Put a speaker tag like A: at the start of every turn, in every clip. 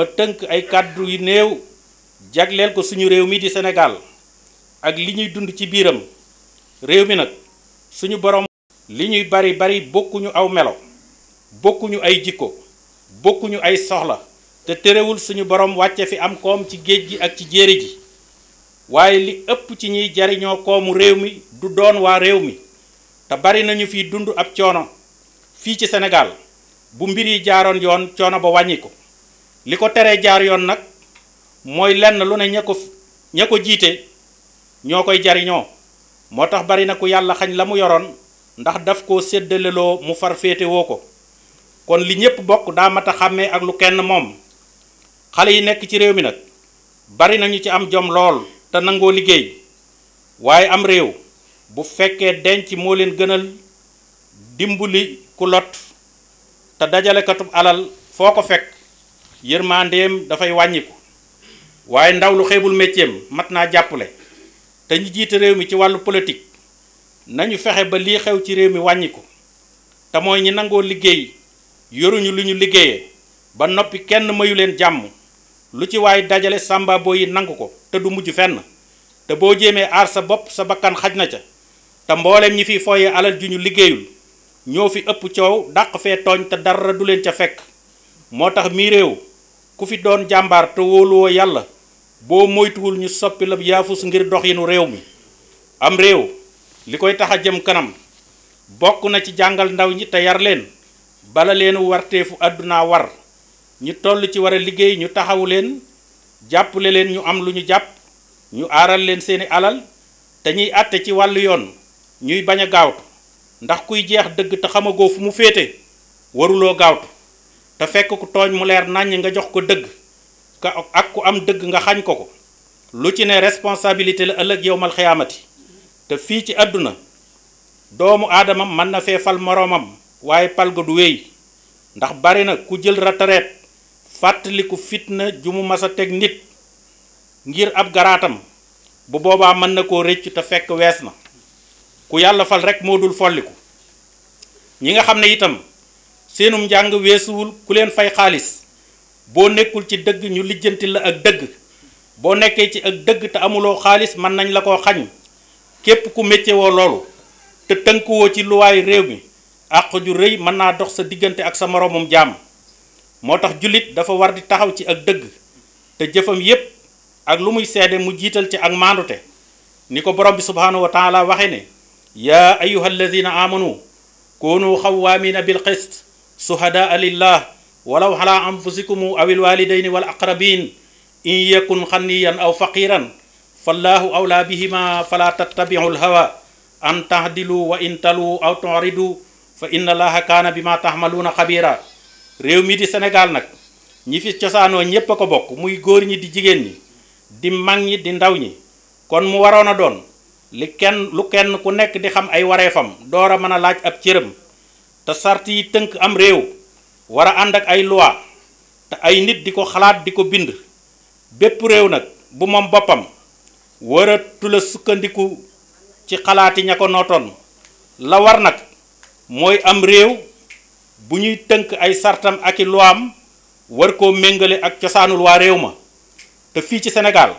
A: ma tënk ay kàddu yu néew jagleel ko suñu réew mi di senegal ak li ñuy dund ci biiram réew mi nag suñu borom. li ñuy bari bari bokkuñu aw melo bokkuñu ay jikko bokkuñu ay soxla te terewul suñu borom wàcce fi am koom ci géej gi ak ci jéeri ji waaye li ëpp ci ñuy jariñoo koomu réew mi du doon waa réew mi te bari nañu fi dund ab coono fii ci senegal bu mbir yi jaaroon yoon coono ba wàññi ko li ko teree jaar yoon nag mooy lenn lu ne ña ko ña ko jiite ñoo koy jariñoo moo tax bari na ku yàlla xañ la mu yoroon ndax daf koo séddaleloo mu far féetewoo ko kon li ñépp bokk daa mat a xàmmee ak lu kenn moom xale yi nekk ci réew mi nag bari nañu ci am jom lool te nangoo liggéey waaye am réew bu fekkee denc moo leen gënal li ku lot te dajalekatub alal foo ko fekk yërmandeem dafay wàññiku waaye ndaw lu xeebul métier mat naa jàppale te ñu jiite réew mi ci wàllu politique nañu fexe ba lii xew ci réew mi wàññiku te mooy ñi nangoo liggéey yoruñu lu ñu liggéeye ba noppi kenn mayu leen jàmm lu ci waay dajale sàmba yi nangu ko te du mujj fenn te boo jéemee aar sa bopp sa bakkan xaj na ca te mbooleem ñi fiy fooyee alal ju ñu liggéeyul ñoo fi ëpp coow dàq fee tooñ te dara du leen ca fekk moo tax mii réew ku fi doon jàmbaar te wóoluwoo yàlla boo moytuwul ñu soppi la yaafus ngir doxinu réew mi am réew li koy tax a jëm kanam bokk na ci jàngal ndaw ñi te yar leen bala leen warteefu àdduna war ñu toll ci war a liggéey ñu taxawu leen jàppale leen ñu am lu ñu jàpp ñu aaral leen seeni alal te ñuy àtte ci wàll yoon ñuy bañ a gaawtu ndax kuy jeex dëgg te xamagoo fu mu féete waruloo gaawtu te fekk ku tooñ mu leer naññ nga jox ko dëgg ak ku am dëgg nga xañ ko ko lu ci ne responsabilité la ëllëg yowmal xiyaamati te fii ci àdduna doomu aadama mën na fee fal moroomam waaye pal ga du wéy ndax bari na ku jël retraite fàttaliku fitna ju mu mas a teg nit ngir ab garaatam bu boobaa mën na koo rëcc te fekk wees na ku yàlla fal rek moo dul folliku ñi nga xam ne itam seenum njàng weesuwul ku leen fay xaalis boo nekkul ci dëgg ñu lijjanti la ak dëgg boo nekkee ci ak dëgg te amuloo xaalis mën nañ la koo xañ képp ku métier loolu te tënkuwoo ci luwaay réew mi àq ju rëy mën naa dox sa diggante ak sa moroomum jàmm moo tax jullit dafa war di taxaw ci ak dëgg te jëfam yépp ak lu muy seede mu jiital ci ak maandute ni ko borom bi subhaanahu wa waxe ne yaa ayuha alladina amanu kunu xawaamina bil qist suhadaa lillah walaw ala anfusikum aw ilwalidaini wal aqrabin in yakun xaniyan aw faqiran fallahu awla bihima fala tattabiu lhawa an tahdilu wa in talu aw turidu fa inna allaha kaana bima tahmaluuna xabira réew mi di Sénégal nag ñi fi cosaanoo ñépp a ko bokk muy góor ñi di jigéen ñi di mag ñi di ndaw ñi kon mu waroon a doon li kenn lu kenn ku nekk di xam ay wareefam door a mën a laaj ab cëram te sart yi tënk am réew war a ànd ak ay loi te ay nit di ko xalaat di ko bind bépp réew nag bu moom boppam waratu sukkandiku ci xalaati ña ko nootoon la war nag mooy am réew bu ñuy tënk ay sartam ak i luwaam war koo méngale ak cosaanul waa réew ma te fii ci senegal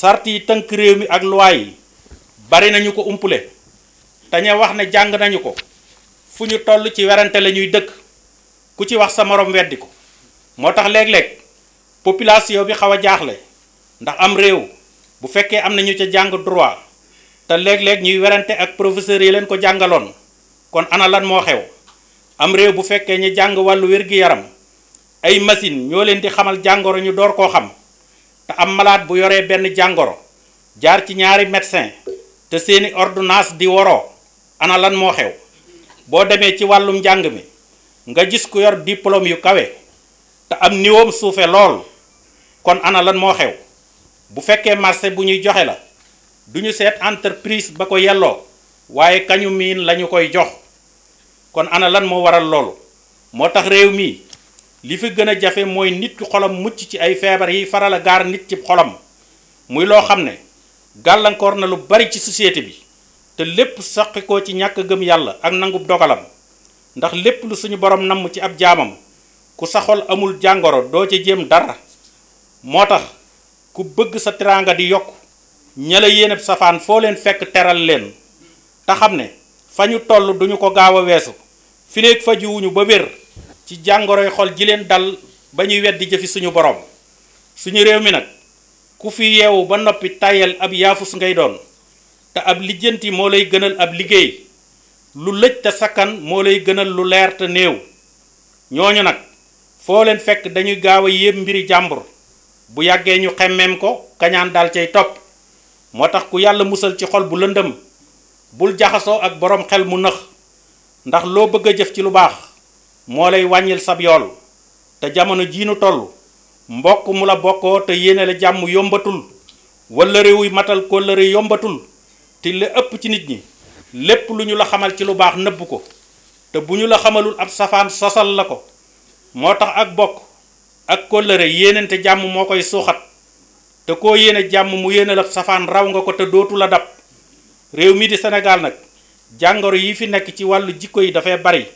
A: sart yi tënk réew mi ak luwaa yi bari nañu ko umpule te ña wax ne jàng nañu ko fu ñu toll ci werante la ñuy dëkk ku ci wax sa morom weddi ko moo tax léeg-léeg population bi xaw a jaaxle ndax am réew bu fekkee am na ñu ca jàng droit te léeg-léeg ñuy werante ak professeurs yi leen ko jàngaloon kon ana lan moo xew am réew bu fekkee ñu jàng wàllu wér-gi-yaram ay machine ñoo leen di xamal jàngoro ñu door koo xam te am malaat bu yoree benn jàngoro jaar ci ñaari médecin te seeni ordonnance di woroo ana lan moo xew boo demee ci wàllum njàng mi nga gis ku yor diplôme yu kawe te am niwoom suufe lool kon ana lan moo xew bu fekkee marché bu ñuy joxe la duñu seet entreprise ba ko yelloo waaye kañu miin la ñu koy jox kon ana lan moo waral loolu moo tax réew mi li fi gën a jafe mooy nit ku xolam mucc ci ay feebar yi faral a gaar nit ci xolom muy loo xam ne gàllankoor na lu bari ci société bi te lépp soqi ko ci ñàkk gëm yàlla ak nangub dogalam ndax lépp lu suñu borom namm ci ab jaamam ku saxol amul jàngoro doo ci jéem dara moo tax ku bëgg sa teraanga di yokk ña la yéeneb safaan foo leen fekk teral leen te xam ne fa ñu toll duñu ko gaaw a weesu fileeg fajuwuñu ba wér ci jàngoroy xol ji leen dal ba ñuy weddi jëfi suñu borom suñu réew mi nag ku fi yeewu ba noppi tayal ab yaafus ngay doon te ab lijjanti moo lay gënal ab liggéey lu lëj te sakkan moo lay gënal lu leer te néew ñooñu nag foo leen fekk dañuy gaaw a yéem mbiri jàmbur bu yàggee ñu xemmeem ko kañaan daal cay topp moo tax ku yàlla musal ci xol bu lëndëm bul jaxasoo ak boroom xel mu nëx ndax loo bëgg a jëf ci lu baax moo lay wàññil sab yool te jamono jiinu nu toll mbokk mu la bokkoo te yéene la jàmm yombatul wala réew yi matal kóllëre yombatul te ëpp ci nit ñi lépp lu ñu la xamal ci lu baax nëbb ko te bu ñu la xamalul ab safaan sosal la ko moo tax ak bokk ak kóllëre yéenante jàmm moo koy suuxat te koo yéene jàmm mu yéene la safaan raw nga ko te dootu la dab réew mi di senegal nag jàngoro yi fi nekk ci wàllu jikko yi dafay bari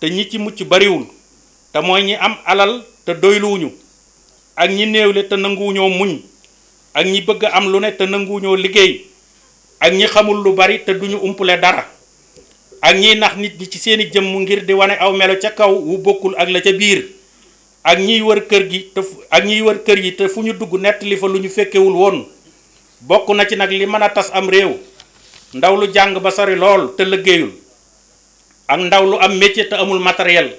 A: te ñi ci mucc bariwul te mooy ñi am alal te doyluwuñu ak ñi néewle te nanguwuñoo muñ ak ñi bëgg am lu ne te nanguwuñoo liggéey ak ñi xamul lu bari te duñu umpule dara ak ñiy nax nit ñi ci seeni jëmm ngir di wane aw melo ca kaw wu bokkul ak la ca biir ak ñiy wër kër gi te fu ñu dugg nettali fa lu ñu fekkewul woon bokk na ci nag li mën a tas am réew ndaw lu jàng ba sori lool te liggéeyul ak ndaw lu am métier te amul matériel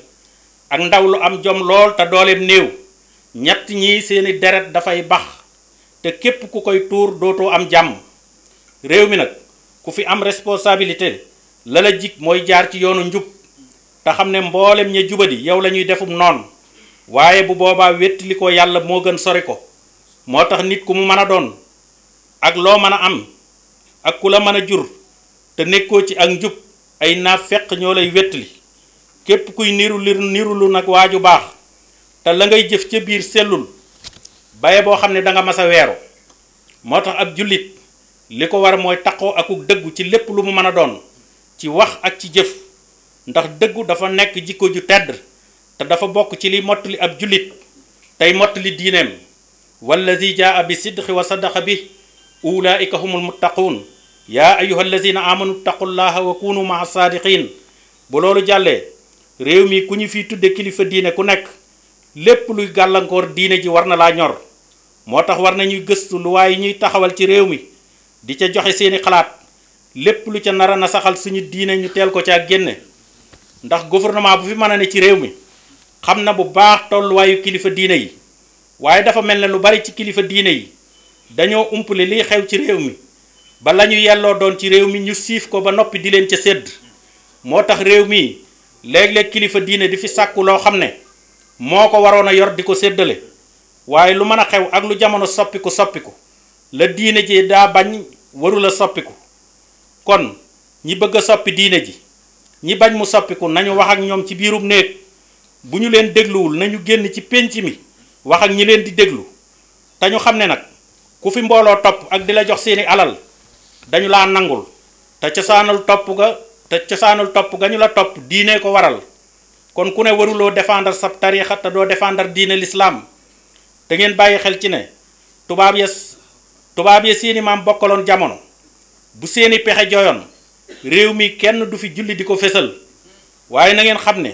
A: ak ndaw lu am jom lool te dooleem néew ñett ñii seeni deret dafay bax te képp ku koy tuur dootoo am jàmm réew mi nag ku fi am responsabilité la la mooy jaar ci yoonu njub te xam ne mboolem ña jubadi yow la ñuy defum noonu waaye bu boobaa wettili ko yàlla moo gën sori ko moo tax nit ku mu mën a doon ak loo mën a am ak ku la mën a jur te nekkoo ci ak njub ay feq ñoo lay wettali képp kuy niru li niru lu nag waa ju baax te la ngay jëf ca biir sellul baye boo xam ne danga mas a weeru moo tax ab jullit li ko war mooy taqoo aku dëggu ci lépp lu mu mën a doon ci wax ak ci jëf ndax dëggu dafa nekk jikko ju tedd te dafa bokk ci li mottali ab jullit tey mott mottali diineem wallazi jaa bi sidqi wa sadaqa bi ulaika humul muttaquun yaa ayuha allazina amanu taqullaha wa kunu maa saadiqin bu loolu jàllee réew mi ku ñu fi tudde kilifa diine ku nekk lépp luy gàllankoor diine ji war na laa ñor moo tax war nañuy gëstu waaye yi ñuy taxawal ci réew mi di ca joxe seeni xalaat lépp lu ca nara na saxal suñu diine ñu teel ko caa génne ndax gouvernement bu fi mën a ne ci réew mi xam na bu baax tolluwaayu kilifa diine yi waaye dafa mel ne lu bari ci kilifa diine yi dañoo umpale liy xew ci réew mi ba la ñu yelloo doon ci réew mi ñu siif ko ba noppi di leen ca sedd moo tax réew mi léeg-léeg kilifa diine di fi sàkku loo xam ne moo ko waroon a yor di ko séddale waaye lu mën a xew ak lu jamono soppiku soppiku la diine ji daa bañ warula soppiku kon ñi bëgg a soppi diine ji ñi bañ mu soppiku nañu wax ak ñoom ci biirub néeg bu ñu leen dégluwul nañu génn ci pénc mi wax ak ñi leen di déglu te ñu xam ne nag ku fi mbooloo topp ak di la jox seeni alal dañu laa nangul te cosaanul topp ga te cosaanul topp ga ñu la topp diine ko waral kon ku ne waruloo défendre sab tariixa te doo défendre diine lislaam te ngeen bàyyi xel ci ne tubaab yes tubaab yi seeni maam bokkaloon jamono bu seeni pexe joyoon réew mi kenn du fi julli di ko fësal waaye na ngeen xam ne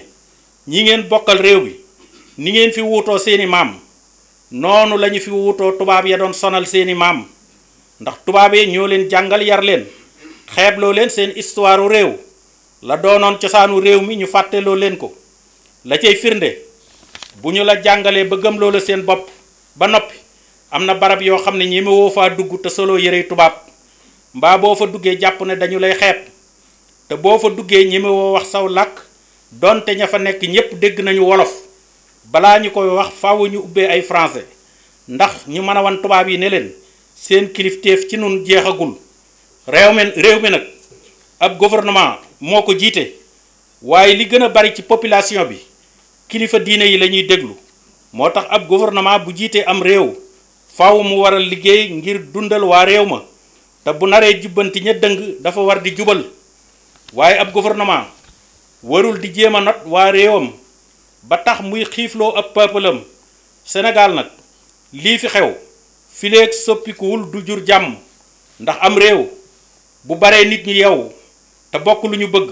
A: ñi ngeen bokkal réew bi ni ngeen fi wuutoo seeni maam noonu lañu fi wuutoo tubaab ya doon sonal seeni maam ndax tubaab yi ñoo leen jàngal yar leen xeetloo leen seen histoire réew la doonoon cosaanu réew mi ñu fàtteloo leen ko la cay firnde bu ñu la jàngalee ba gëmloo la seen bopp ba noppi am na barab yoo xam ne ñeme woo faa dugg te solo yërey tubaab mbaa boo fa duggee jàpp ne dañu lay xeet te boo fa duggee ñeme woo wax saw làkk donte ña fa nekk ñépp dégg nañu wolof balaa ñu koy wax faaw ñu ubbee ay français ndax ñu mën a wan tubaab yi ne leen seen kilifteef ci nun jeexagul réew mi réew mi nag ab gouvernement moo ko jiite waaye li gën a bari ci population bi kilifa diine yi lañuy déglu moo tax ab gouvernement bu jiitee am réew faaw mu waral liggéey ngir dundal waa réew ma te bu naree jubbanti ña dëng dafa war di jubal waaye ab gouvernement warul di jéem a not waa réewam ba tax muy xiifloo ab peuplem senegal nag lii fi xew fileeg soppikuwul du jur jàmm ndax am réew bu baree nit ñi yow te bokk lu ñu bëgg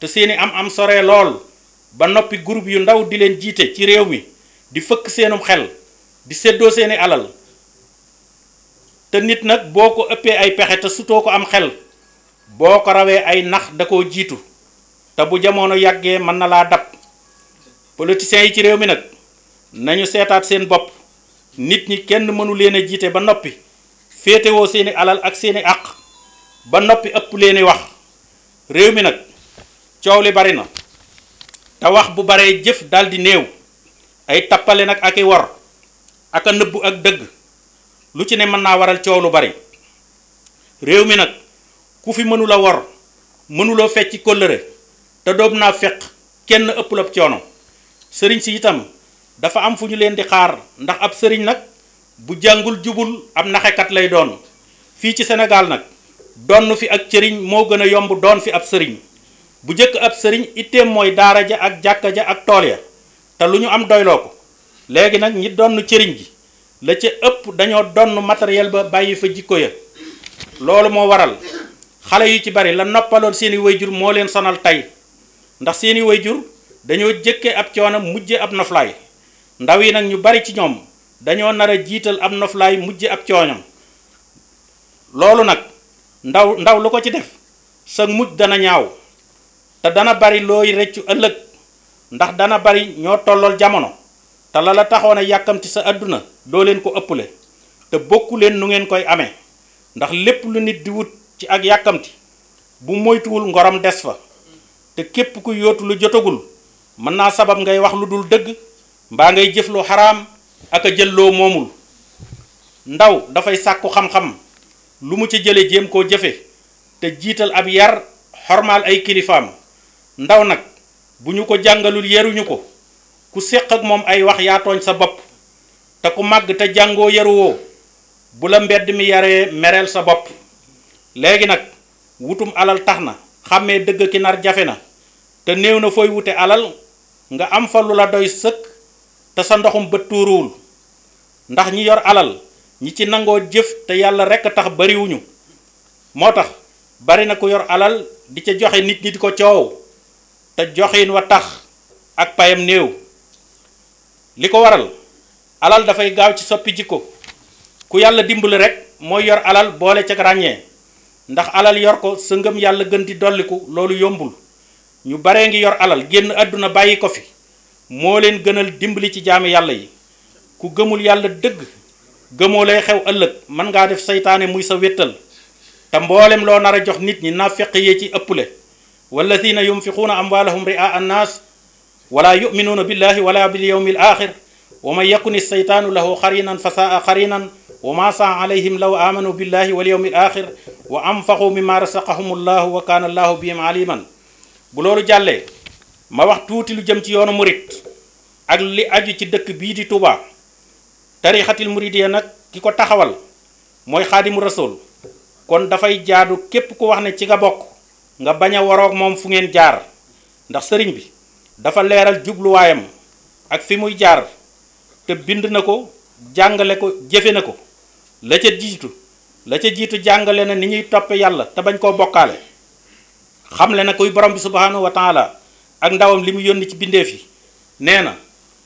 A: te seeni am am sore lool ba noppi groupe yu ndaw di leen jiite ci réew mi di fëkk seenu xel di séddoo seeni alal te nit nag boo ko ëppee ay pexe te sutoo ko am xel boo ko rawee ay nax da koo jiitu te bu jamono yàggee mën na laa dab politiciens yi ci réew mi nag nañu seetaat seen bopp nit ñi kenn mënu leen a jiite ba noppi féetewoo seeni alal ak seeni àq ba noppi ëpp leeni wax réew mi nag coow li bari na te wax bu baree jëf daldi néew ay tappale nag ak i wor ak nëbbu ak dëgg lu ci ne mën naa waral coow lu bari réew mi nag ku fi mënula wor mënuloo fecc kóllëre te doob naa feq kenn ëpp la coono sëriñ si itam dafa am fu ñu leen di xaar ndax ab sëriñ nag bu jàngul jubul ab naxekat lay doon fii ci Sénégal nag donn fi ak cëriñ moo gën a yomb doon fi ab sëriñ bu jëkk ab sëriñ iteem mooy daara ja ak jàkka ja ak tool ya te lu ñu am doyloo ko léegi nag ñi donn cëriñ gi la ca ëpp dañoo donn matériel ba bàyyi fa jikko ya loolu moo waral xale yu ci bari la noppaloon seeni wayjur moo leen sonal tey ndax seeni wayjur dañoo jëkke ab coono mujje ab noflaay ndaw yi nag ñu bari ci ñoom dañoo nar a jiital ab noflaay mujje ab cooñam loolu nag ndaw ndaw lu ko ci def sa mujj dana ñaaw te dana bari looy reccu ëllëg ndax dana bari ñoo tollool jamono te la la taxoon a yàkkamti sa àdduna doo leen ko ëpple te bokku leen nu ngeen koy amee ndax lépp lu nit di wut ci ak yàkkamti bu moytuwul ngorom des fa te képp ku yootu lu jotagul mën naa sabab ngay wax lu dul dëgg mbaa ngay jëf lu xaraam ak a jël loo moomul ndaw dafay sàkku xam-xam lu mu ci jële jéem koo jëfe te jiital ab yar xormal ay kilifaam ndaw nag bu ñu ko jàngalul yaruñu ko ku séq ak moom ay wax yaa tooñ sa bopp te ku màgg te jàngoo yaruwoo bu la mbedd mi yare mereel sa bopp léegi nag wutum alal tax na xàmmee dëgg ki nar jafe na te néew na fooy wute alal nga am fa lu la doy sëq te sa ndoxum bët tuuruwul ndax ñi yor alal ñi ci nangoo jëf te yàlla rekk a tax bariwuñu moo tax bari na ku yor alal di ca joxe nit ñi di ko coow te joxin wa tax ak payam néew li ko waral alal dafay gaaw ci soppi jikko ku yàlla dimbali rek mooy yor alal boole ca ràññee ndax alal yor ko sa ngëm yàlla gën di dolliku loolu yombul ñu baree ngi yor alal génn àdduna bàyyi ko fi moo leen gënal dimbali ci jaami yàlla yi ku gëmul yàlla dëgg gëmoo lay xew ëllëg mën ngaa def seytaane muy sa wéttal te mboolem loo nar a jox nit ñi naa feq yee ci ëpple walladina yunfiquuna amwaalahum ri'a annaas wala yuminuuna billahi wala bil yawmi al axir wa man yakun alseytaanu lahu qarinan fa saa qarinan wa ma saa alayhim law amanu billahi wal yawmi al axir wa anfaqu mimma rasaqahum allahu wa kaana allahu bihim aliman bu loolu jàllee ma wax tuuti lu jëm ci yoonu murit ak li aju ci dëkk bii di Touba tarixatil muridiya nag ki ko taxawal mooy xaadimu rasul kon dafay jaadu képp ku wax ne ci nga bokk nga bañ a waroog moom fu ngeen jaar ndax sëriñ bi dafa leeral jubluwaayam ak fi muy jaar te bind na ko jàngale ko jëfe na ko la ca jiitu la ca jiitu jàngale na ni ñuy toppe yàlla te bañ koo bokkaale xamle na kuy borom bi subhanahu wa ak ndawam li mu yónni ci bindeef yi nee na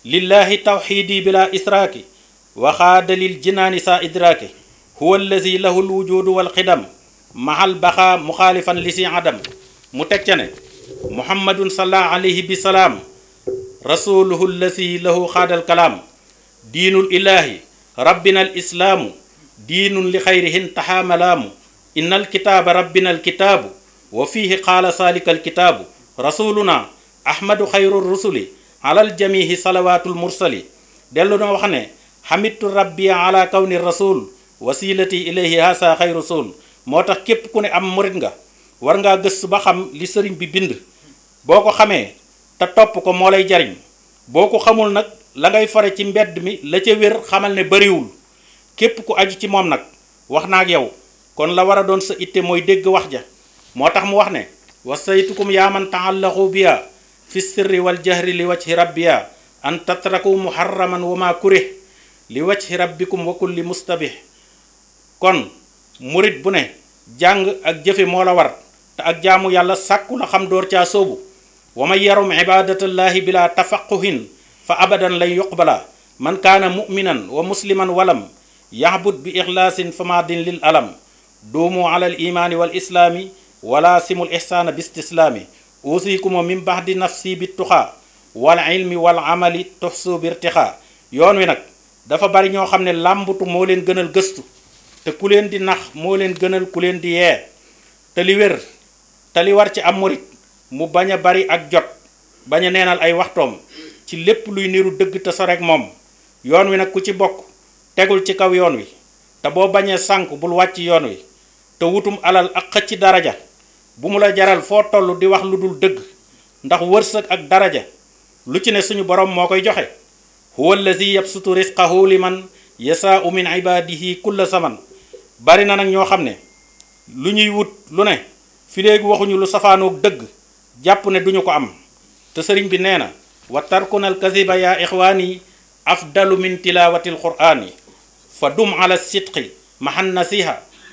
A: lillahi tawxiidi bila israaki waxaadalil jinaani saa idraaki huwa allazi lahu lwujudu walxidam mahal baxa muxaalifan li si adam mu teg ca ne muhammadun salla alayhi bi salaam rasuluhu allasi lahu xaadal kalaam diinul ilaahi rabbina al islaamu diinun li xayrihin taxaamalaamu inna alkitaaba rabbina alkitaabu wa fiihi qaala saalika alkitaabu rasuluna ahmadu xayru rusuli alal jamihi salawaatul mursali dellu na wax ne xamittu rabbi ala kawni rasul wasilati ilayhi hasa xayru rasul moo tax képp ku ne am murit nga war ngaa gëstu ba xam li sëriñ bi bind boo ko xamee te topp ko moo lay jariñ boo ko xamul nag la ngay fare ci mbedd mi la ca wér xamal ne bariwul képp ku aju ci moom nag wax naa ak yow kon la war a doon sa itte mooy dégg wax ja moo tax mu wax ne wasaytukum yaa man taallaxu biya fi sirri wal jahri li wajhi rabbiya an tatraku muharraman wa ma kurih li wajhi rabbikum wa kulli mustabih kon murit bu ne jàng ak jëfe moo la war te ak jaamu yàlla sàkku la xam door caa sóobu wa man yarum ibadatallahi bila tafaquhin fa abadan lan yuqbala man kaana muminan wa musliman walam yahbud bi ixlaasin famadin lil alam duumu ala al imaani wal islaami wala simul ihsaana bi istislaami usikuma min baxdi nafsi bi tuxaa wal ilmi wal amali tuxsu bi irtixaa yoon wi nag dafa bari ñoo xam ne làmbutu moo leen gënal gëstu te ku leen di nax moo leen gënal ku leen di yee te li te li war ci am murit mu bañ a bari ak jot bañ a neenal ay waxtoom ci lépp luy niru dëgg te soreek moom yoon wi nag ku ci bokk tegul ci kaw yoon wi te boo bañee sànk bul wàcc yoon wi te wutum alal ak xëcc daraja bu mu la jaral foo toll di wax lu dul dëgg ndax wërsëg ak daraja lu ci ne suñu borom moo koy joxe huwa man yabsutu risqahu liman yasaau min ibadihi kulla saman bari na nag ñoo xam ne lu ñuy wut lu ne fi léegi waxuñu lu safaanoog dëgg jàpp ne duñu ko am te sëriñ bi nee na wa tarkunal kaziba yaa ixwaani afdalu min tilaawatil qur'aani fa dum ala sidqi mahan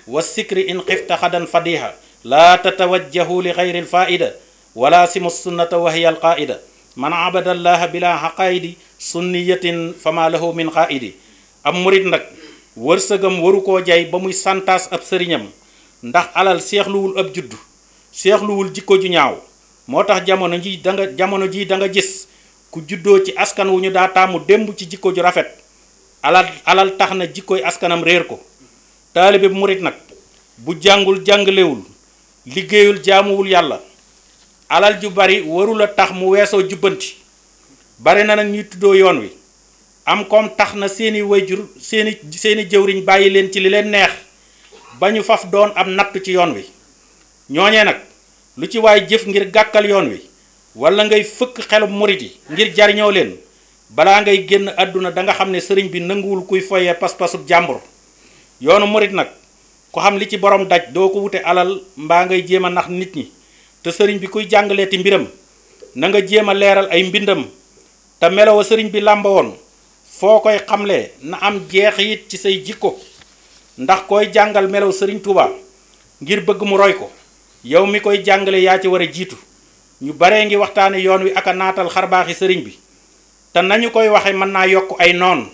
A: wa sikri in xifta xadan fadiha laa tatawajjahu li xayri alfaida wala simu sunnata wa hiya alqaida man abada allaha bila xaqaidi sunniyatin fama lahu min xaaidi am murit nag wërsëgam waru ko jay ba muy santaas ab sëriñam ndax alal seexluwul ab juddu seexluwul jikko ju ñaaw moo tax jamono ji danga jamono ji da nga gis ku juddoo ci askan wu ñu daa taamu démb ci jikko ju rafet alal alal tax na jikkoy askanam réer ko taalibe bu murit nag bu jàngul jàngalewul liggéeyul jaamuwul yàlla alal ju bari warul a tax mu weesoo jubbanti bari na nag ñuy tuddoo yoon wi am koom tax na seeni wayjur seeni seeni jëwriñ bàyyi leen ci li leen neex ba ñu faf doon ab natt ci yoon wi ñooñe nag lu ci waay jëf ngir gàkkal yoon wi wala ngay fëkk xelub murit yi ngir jariñoo leen balaa ngay génn àdduna da nga xam ne sëriñ bi nanguwul kuy foyee pas-pasub jàmbur yoonu morit nag ku xam li ci borom daj doo ko wute alal mbaa ngay jéem a nax nit ñi te sëriñ bi kuy jàngaleeti mbiram na nga jéem a leeral ay mbindam te melowa sëriñ bi làmba woon foo koy xamle na am jeex it ci say jikko ndax koy jàngal melow sëriñ Tuuba ngir bëgg mu roy ko yow mi koy jàngale yaa ci war a jiitu ñu baree ngi waxtaane yoon wi ak a naatal xarbaaxi sëriñ bi te nañu koy waxe mën naa yokk ay noon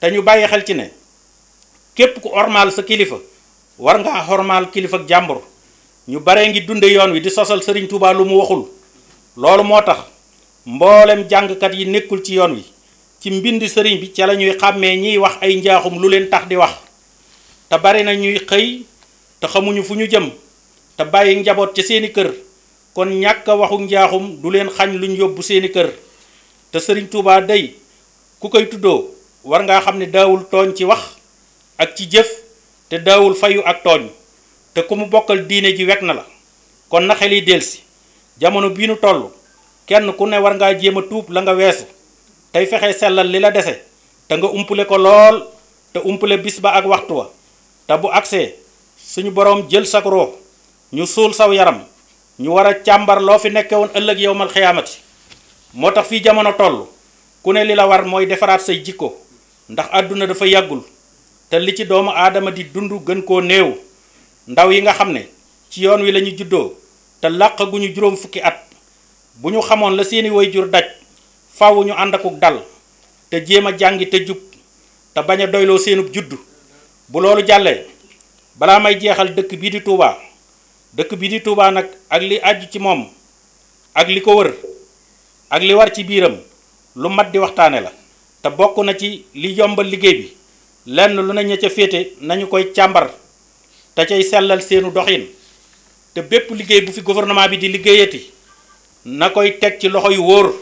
A: te ñu bàyyi xel ci ne képp ku ormaal sa kilifa war ngaa ormaal kilifa ak jàmbur ñu baree ngi dunde yoon wi di sosal sëriñ Touba lu mu waxul loolu moo tax mboolem jàngkat yi nekkul ci yoon wi ci mbind sëriñ bi ca la ñuy xàmmee ñiy wax ay njaaxum lu leen tax di wax te bari na ñuy xëy te xamuñu fu ñu jëm te bàyyi njaboot ca seeni kër kon ñàkk waxu njaaxum du leen xañ luñ yóbbu seeni kër te sëriñ tuubaa day ku koy tuddoo war ngaa xam ne daawul tooñ ci wax ak ci jëf te daawul fayu ak tooñ te ku mu bokkal diine ji wekk na la kon na xel yi delsi jamono bii nu toll kenn ku ne war ngaa jéem a tuub la nga weesu tey fexe sellal li la dese te nga umpule ko lool te umpule bis ba ak waxtu wa te bu agsee suñu boroom jël sa roo ñu suul saw yaram ñu war a càmbar loo fi nekke woon ëllëg yowmal xiyaamati moo tax fii jamono toll ku ne li la war mooy defaraat say jikko ndax àdduna dafa yàggul te li ci doomu aadama di dund gën koo néew ndaw yi nga xam ne ci yoon wi lañuy juddoo te làq gu ñu juróom fukki at bu ñu xamoon la seeni jur daj faaw ñu ànd akuk dal te jéem a jàngi te jub te bañ a doyloo seenub juddu bu loolu jàllee balaa may jeexal dëkk bii di tuubaa dëkk bi di Touba nag ak li aju ci moom ak li ko wër ak li war ci biiram lu mat di waxtaane la te bokk na ci li yombal liggéey bi lenn lu nañ ña ca féete nañu koy càmbar te cay sellal seenu doxin te bépp liggéey bu fi gouvernement bi di liggéeyati na koy teg ci loxo yu wóor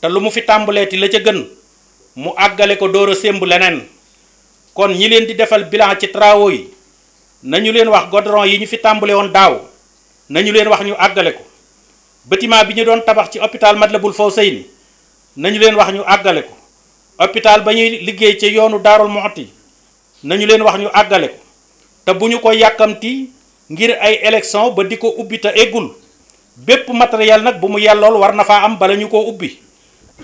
A: te lu mu fi tàmbaleeti la ca gën mu àggale ko door a sémb leneen kon ñi leen di defal bilan ci travaux yi nañu leen wax goudron yi ñu fi tàmbale woon daaw nañu leen wax ñu àggale ko bâtiment bi ñu doon tabax ci la hôpital Matlaboul Fawzayni nañu leen wax ñu àggale ko hôpital ba ñuy liggéey ci yoonu Daarul Muxti nañu leen wax ñu àggale ko te bu ñu ko yàkkamti ngir ay élection ba di ko ubbi te eggul bépp matériel nag bu mu yellool war na faa am bala ñu koo ubbi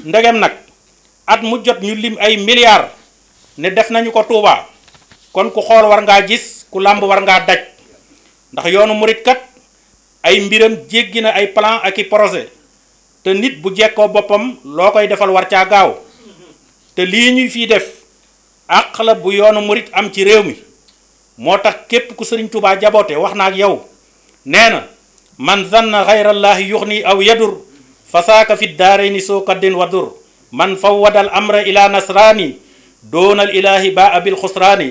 A: ndegem nag at mu jot ñu lim ay milliards ne def nañu ko Touba kon ku xool war ngaa gis ku làmb war ngaa daj ndax yoonu murit kat ay mbiram jéggi na ay plan ak i projet te nit bu jekkoo boppam loo koy defal war caa gaaw te lii ñuy fii def àq la bu yoonu murit am ci réew mi moo tax képp ku sëriñ tuuba jaboote wax na ak yow nee na man zanna xayrallaahi yux ni aw yadur fasaaka fi daarayni soo kaddin wadur man fawwadal amra ila nasraani doonal ilaahi baa abil xusraani